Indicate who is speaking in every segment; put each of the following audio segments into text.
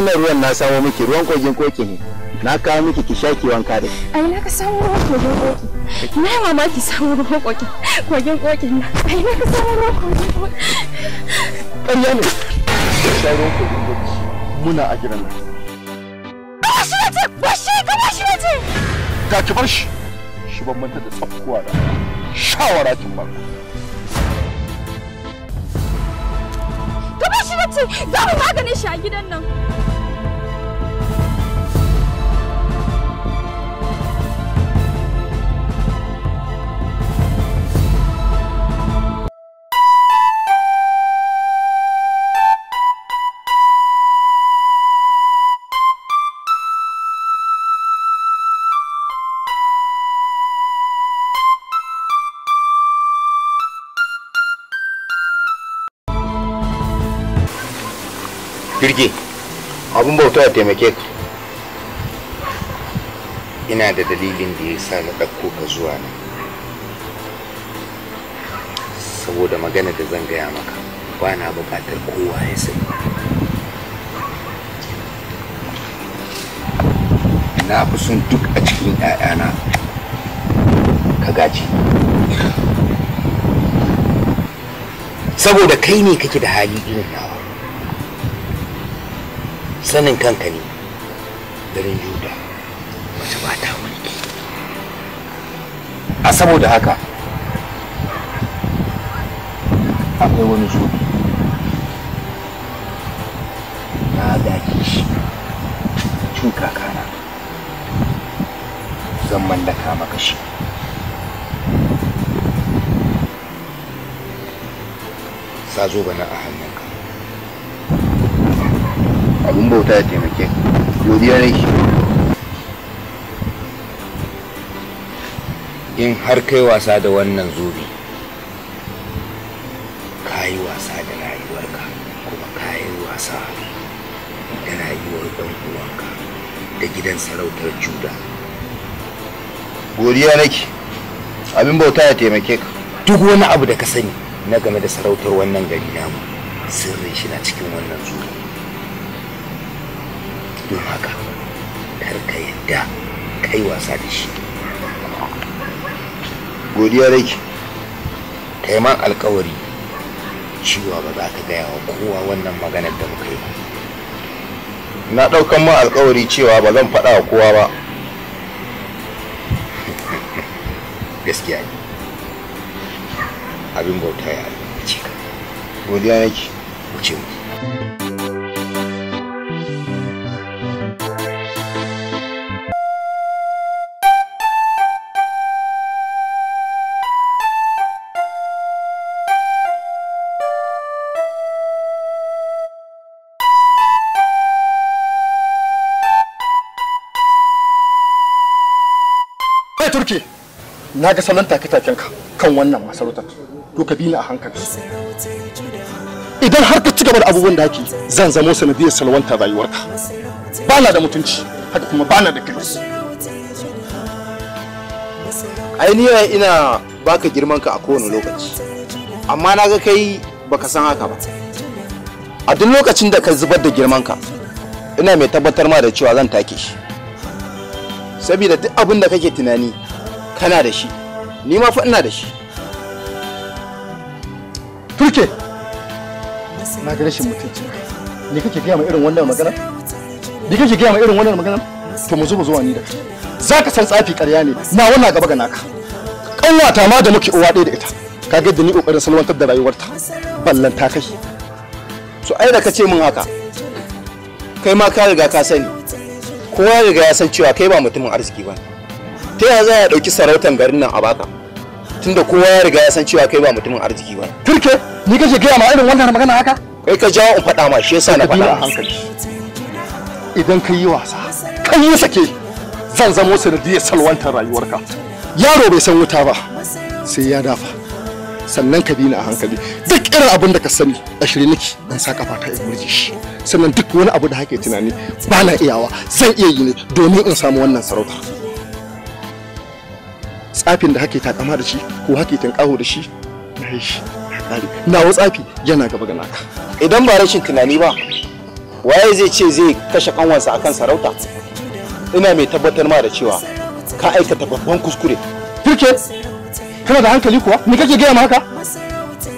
Speaker 1: wannan ruwan na samo miki ruwan kogin koki ne na kawo miki ki shaki wanka da shi
Speaker 2: ai na ka samo ruwan kogin koki na yawa ma ki samo ruwan koki kogin koki na ai na ka samo ruwan kogin koki ƙarya ne ka
Speaker 1: sha ruwan kogin koki muna a gidan nan ba shi ne ce ba shi ka ba shi ne ce ka ki bar shi shi ban manta da tsakkuwa da shawara kin ba
Speaker 3: ka ba shi ne ce za mu maganin shi a gidan nan
Speaker 1: Birge, abin bauta ya taimake ka. Ina da dalilin da ya sa na ɗauko ka zuwa nan. Saboda magana da zan gaya maka, ba na buƙatar kowa ya sani. Na fi son duk a cikin 'ya'yana ka gaji. Saboda kai ne kake da hali irin nawa. sanin kanka ne garin juda mace ba ta mulki a saboda haka
Speaker 3: akwai wani sobi
Speaker 1: na daki shi cin kakana zan mallaka maka shi sa zo bana a hannunka abin bauta ya taimake godiya shi in har kai wasa da wannan zobe ka yi wasa da rayuwarka kuma ka yi wasa da rayuwar ɗan uwanka da gidan sarautar juda godiya nake abin bauta ya taimake ka duk wani abu da ka sani na game da sarautar wannan gari namu sirrin shi na cikin wannan zuwa don haka kar ka yadda kai wasa da shi godiya rake kai man alkawari cewa ba za ka gaya wa kowa wannan maganar da muka yi na ɗaukan ma alkawari cewa ba zan faɗa wa kowa ba gaskiya ne abin bauta ya albarkace ka godiya nake wuce mu turki na ga salon take-taken ka kan wannan masarautar to ka bi ni a hankali idan har ka ci gaba da abubuwan da ake zan zamo sanadiyar salwanta rayuwarka ba na da mutunci haka kuma ba na da kai ainihin ina baka girman ka a kowane lokaci amma na ga kai baka san haka ba a duk lokacin da ka zubar da girman ka ina mai tabbatar ma da cewa zan take shi saboda duk abin da kake tunani kana da shi ni ma fa ina da shi turke na ga rashin mutunci ni kake gaya ma irin wannan magana ni kake gaya ma irin wannan magana to mu zo mu zuwa ni da za ka san tsafi ƙarya ne na wannan gaba ga naka ƙanwata ma da muke uwa ɗaya da ita ka ga da ni ƙoƙarin salwantar da rayuwarta ballan ta kai so ai da ka ce min haka kai ma ka riga ka sani kowa ya riga ya san cewa kai ba mutumin arziki ba ta yaya za a ɗauki sarautar garin nan a baka tunda kowa ya riga ya san cewa kai ba mutumin arziki ba turke ni kake gaya ma irin wannan magana haka kai ka jawo in faɗa ma shi yasa na faɗa hankali idan ka yi wasa ka yi sake zan zamo sanadiyar salwantar rayuwarka yaro bai san wuta ba sai ya dafa sannan ka bi ni a hankali duk irin abin da ka sani a shirye nake in sa kafa ta in murje shi sannan duk wani abu da hake tunani ba na iyawa zan iya yi ne domin in samu wannan sarauta tsafin da hake kama da shi ko hake tunƙaho da shi na yi shi nawa tsafi yana gaba ga naka idan ba rashin tunani ba waye zai ce zai kashe kanwansa akan sarauta ina mai tabbatar ma da cewa ka aikata babban kuskure Cricket kana da hankali kuwa ni kake gaya ma haka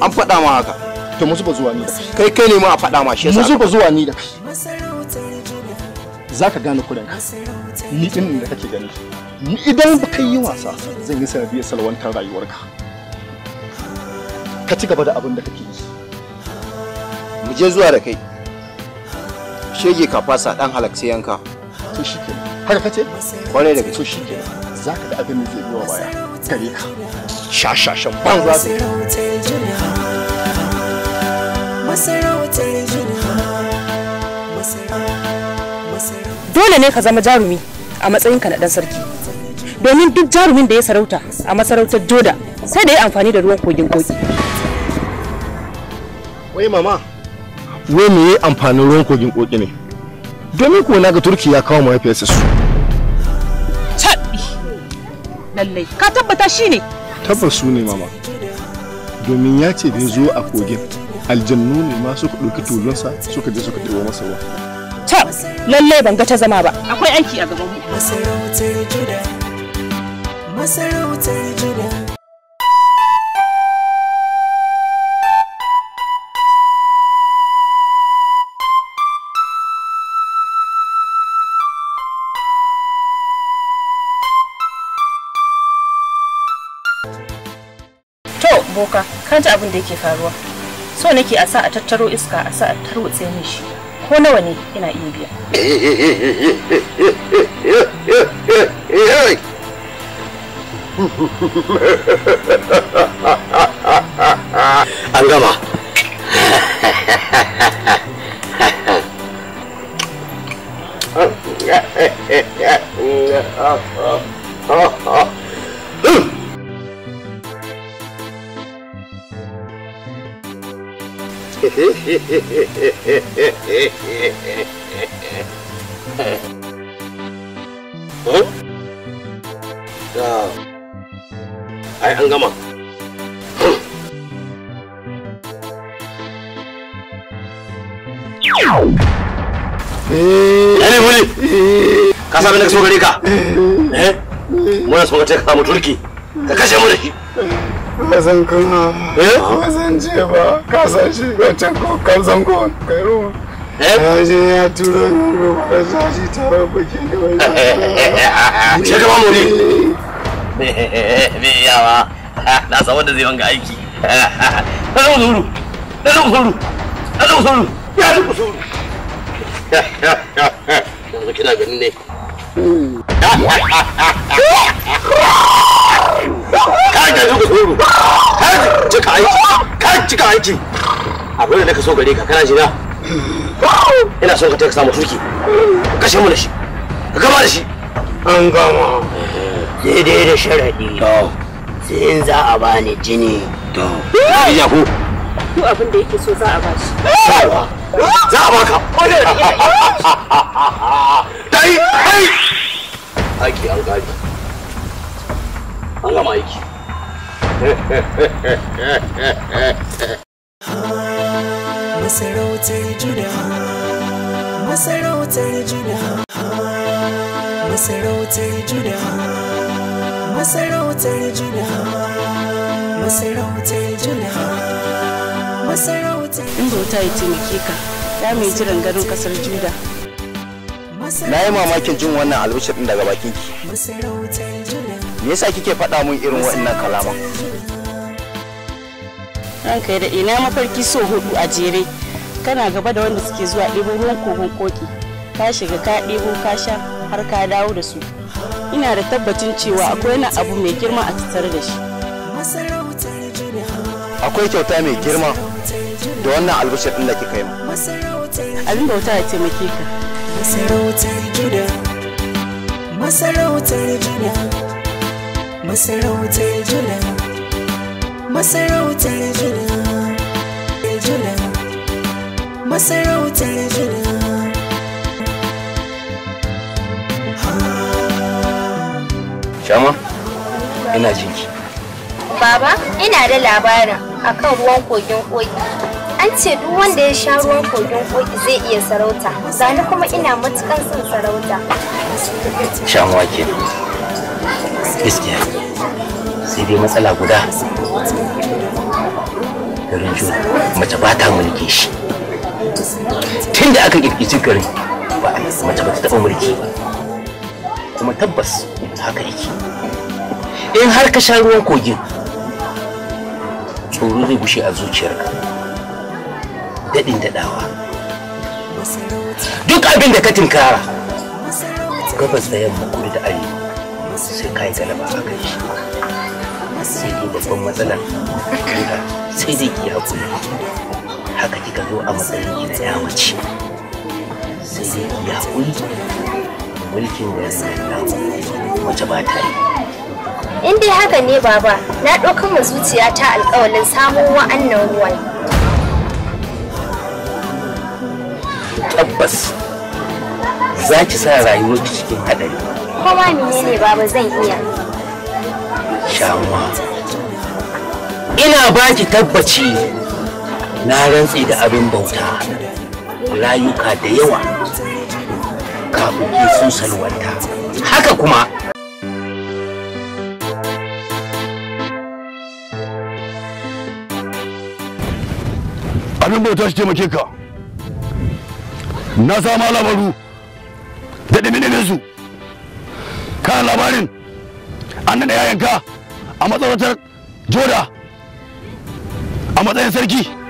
Speaker 2: an faɗa ma haka
Speaker 1: to musu ba zuwa ni da kai kai ne ma a faɗa ma shi yasa musu ba zuwa ni da za ka gane kuren ni din da kake gani ni idan ba kai yi wasa zan yi sanadiyar salwantar rayuwarka ka ci gaba da abin da kake yi mu je zuwa da kai shege ka fasa dan halakci yanka to shikenan haka kace kwarai daga to shikenan zaka da abin da zai yi wa baya gare ka shashashan banza da dole ne ka zama jarumi a matsayinka na dan sarki domin duk jarumin da ya sarauta a masarautar joda sai da ya amfani da ruwan kogin kogi. wai mama wai me ya amfanin ruwan kogin kogi ne domin kuwa na ga turki ya kawo mahaifiyarsa su lallai ka tabbata shi ne. tabbas su ne mama domin ya ce da zo a kogin aljannu ne ma suka ɗauki tulunsa suka je suka ɗewa masa ruwa
Speaker 2: tab lallai
Speaker 1: ban ga ta zama ba
Speaker 2: akwai aiki a gaban masarautar juda masarautar juda
Speaker 1: boka ka ji abin da yake faruwa so nake a sa a tattaro iska a sa a tarwatse min shi ko nawa ne ina iya
Speaker 3: biya an gama ai an gama Yare Ka sami na so gare
Speaker 1: Eh? Muna so ka ce ka samu ka kashe ba san kuna ba zan ce eh? ba ka san shi wancan ko kan san ko kai ruwa eh? ya je ya turo ni ruwa ba sa shi ba baki ne wai ce ka me na san wanda zai wanga aiki
Speaker 3: na zo zuru na zo zuru na zo zuru ya zo zuru yanzu kina ganin ne hmm. ka ga zuka
Speaker 1: tsoro ka cika aiki ka cika aiki abin da naka so gare ka kana jira ina son ka ta samu turki kashe mu da shi ka gama da shi an gama eh. sai dai da sharadi sai in za a ba ni
Speaker 2: jini to ya ko
Speaker 1: duk abin da yake so za a ba bashi.
Speaker 3: Za a baka. Dai, dai. aiki an gari. an gama aiki
Speaker 2: masarautar juda masarautar juda masarautar juda masarautar juda
Speaker 1: masarautar
Speaker 2: in bauta ya taimake ka ya mai jiran garin kasar juda
Speaker 1: na yi mamakin jin wannan albishirin daga bakinki
Speaker 2: masarautar juda
Speaker 1: me yasa kike faɗa mun irin waɗannan kalaman
Speaker 2: an kai da ina mafarki so hudu a jere kana gaba da wanda suke zuwa ɗebo ruwan kogon koki ka shiga ka ɗebo ka sha har ka dawo da su ina da tabbacin cewa akwai wani abu mai girma a tattare da shi
Speaker 1: akwai kyauta mai girma da wannan albishir ɗin da kika yi
Speaker 2: abin bauta ya taimake ka masarautar gida masarautar gida masarautar jula masarautar jula jula masarautar jula
Speaker 1: Shama, ina jinki.
Speaker 2: Baba, ina da labarin akan ruwan kogin kogi. An ce duk wanda ya sha ruwan kogin kogi zai iya sarauta, zani kuma ina matukan son sarauta.
Speaker 1: Shamuwa kenan. gaskiya sai dai matsala guda garin juna mace ba ta mulke shi tun da aka kirkici garin ba a mace ba ta taɓa mulki ba kuma tabbas haka yake in har ka sha ruwan kogin tsoro zai gushe a zuciyarka daɗin daɗawa duk abin da ka tinkara gabas da yamma kudu da arewa sai ka yi galaba a kan shi sai dai babban matsalar kira sai dai ki hakuri, haka kika zo a matsayin ki na
Speaker 2: yamace sai dai ki hakuri? mulkin garin wace ba ta yi
Speaker 1: in dai haka ne baba na ɗaukar ma zuciya ta alƙawalin samun wa'annan ruwan tabbas za ki sa rayuwar cikin haɗari
Speaker 2: kowa ne baba zan iya
Speaker 1: ina baki tabbaci na rantsi da abin bauta rayuka da yawa kafin sun salwanta haka kuma abin bauta shi taimake ka na sama labaru da ɗimi su ba labarin an naɗa yayanka a matsayin joda a matsayin sarki